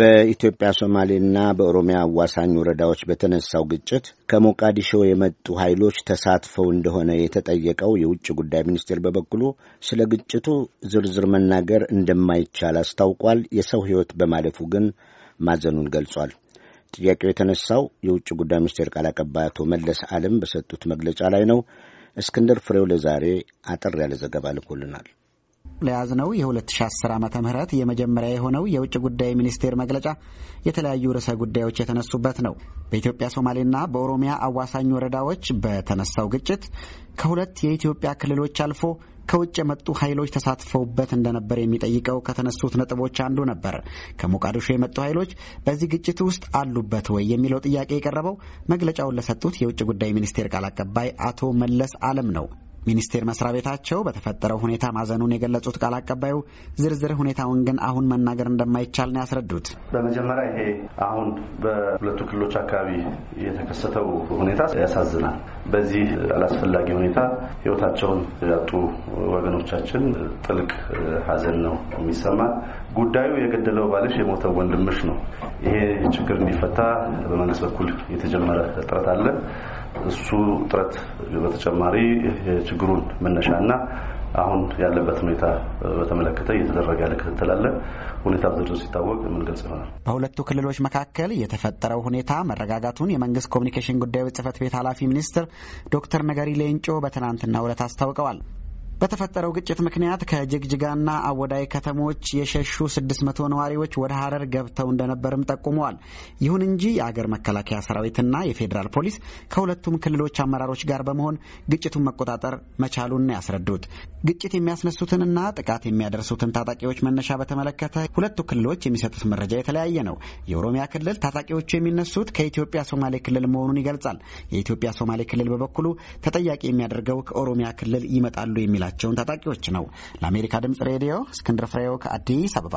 በኢትዮጵያ ሶማሌና በኦሮሚያ አዋሳኝ ወረዳዎች በተነሳው ግጭት ከሞቃዲሾ የመጡ ኃይሎች ተሳትፈው እንደሆነ የተጠየቀው የውጭ ጉዳይ ሚኒስቴር በበኩሉ ስለ ግጭቱ ዝርዝር መናገር እንደማይቻል አስታውቋል። የሰው ሕይወት በማለፉ ግን ማዘኑን ገልጿል። ጥያቄው የተነሳው የውጭ ጉዳይ ሚኒስቴር ቃል አቀባይ አቶ መለስ አለም በሰጡት መግለጫ ላይ ነው። እስክንድር ፍሬው ለዛሬ አጠር ያለ ዘገባ ልኮልናል። ለያዝነው የ2010 ዓ ም የመጀመሪያ የሆነው የውጭ ጉዳይ ሚኒስቴር መግለጫ የተለያዩ ርዕሰ ጉዳዮች የተነሱበት ነው። በኢትዮጵያ ሶማሌና በኦሮሚያ አዋሳኝ ወረዳዎች በተነሳው ግጭት ከሁለት የኢትዮጵያ ክልሎች አልፎ ከውጭ የመጡ ኃይሎች ተሳትፈውበት እንደነበር የሚጠይቀው ከተነሱት ነጥቦች አንዱ ነበር። ከሞቃዲሾ የመጡ ኃይሎች በዚህ ግጭት ውስጥ አሉበት ወይ የሚለው ጥያቄ የቀረበው መግለጫውን ለሰጡት የውጭ ጉዳይ ሚኒስቴር ቃል አቀባይ አቶ መለስ አለም ነው። ሚኒስቴር መስሪያ ቤታቸው በተፈጠረው ሁኔታ ማዘኑን የገለጹት ቃል አቀባዩ ዝርዝር ሁኔታውን ግን አሁን መናገር እንደማይቻል ነው ያስረዱት። በመጀመሪያ ይሄ አሁን በሁለቱ ክልሎች አካባቢ የተከሰተው ሁኔታ ያሳዝናል። በዚህ አላስፈላጊ ሁኔታ ሕይወታቸውን ያጡ ወገኖቻችን ጥልቅ ሐዘን ነው የሚሰማ ጉዳዩ የገደለው ባልሽ የሞተው ወንድምሽ ነው። ይሄ ችግር እንዲፈታ በመንግስት በኩል የተጀመረ ጥረት አለ። እሱ ጥረት በተጨማሪ የችግሩን መነሻና አሁን ያለበት ሁኔታ በተመለከተ እየተደረገ ያለ ክትትል አለ። ሁኔታ ዝርዝር ሲታወቅ የምንገልጽ ይሆናል። በሁለቱ ክልሎች መካከል የተፈጠረው ሁኔታ መረጋጋቱን የመንግስት ኮሚኒኬሽን ጉዳዮች ጽህፈት ቤት ኃላፊ ሚኒስትር ዶክተር ነገሪ ሌንጮ በትናንትናው ዕለት አስታውቀዋል። በተፈጠረው ግጭት ምክንያት ከጅግጅጋና አወዳይ ከተሞች የሸሹ ስድስት መቶ ነዋሪዎች ወደ ሀረር ገብተው እንደነበርም ጠቁመዋል። ይሁን እንጂ የአገር መከላከያ ሰራዊትና የፌዴራል ፖሊስ ከሁለቱም ክልሎች አመራሮች ጋር በመሆን ግጭቱን መቆጣጠር መቻሉን ያስረዱት። ግጭት የሚያስነሱትንና ጥቃት የሚያደርሱትን ታጣቂዎች መነሻ በተመለከተ ሁለቱ ክልሎች የሚሰጡት መረጃ የተለያየ ነው። የኦሮሚያ ክልል ታጣቂዎቹ የሚነሱት ከኢትዮጵያ ሶማሌ ክልል መሆኑን ይገልጻል። የኢትዮጵያ ሶማሌ ክልል በበኩሉ ተጠያቂ የሚያደርገው ከኦሮሚያ ክልል ይመጣሉ የሚላቸው ያላቸውን ታጣቂዎች ነው። ለአሜሪካ ድምጽ ሬዲዮ እስክንድር ፍሬው ከአዲስ አበባ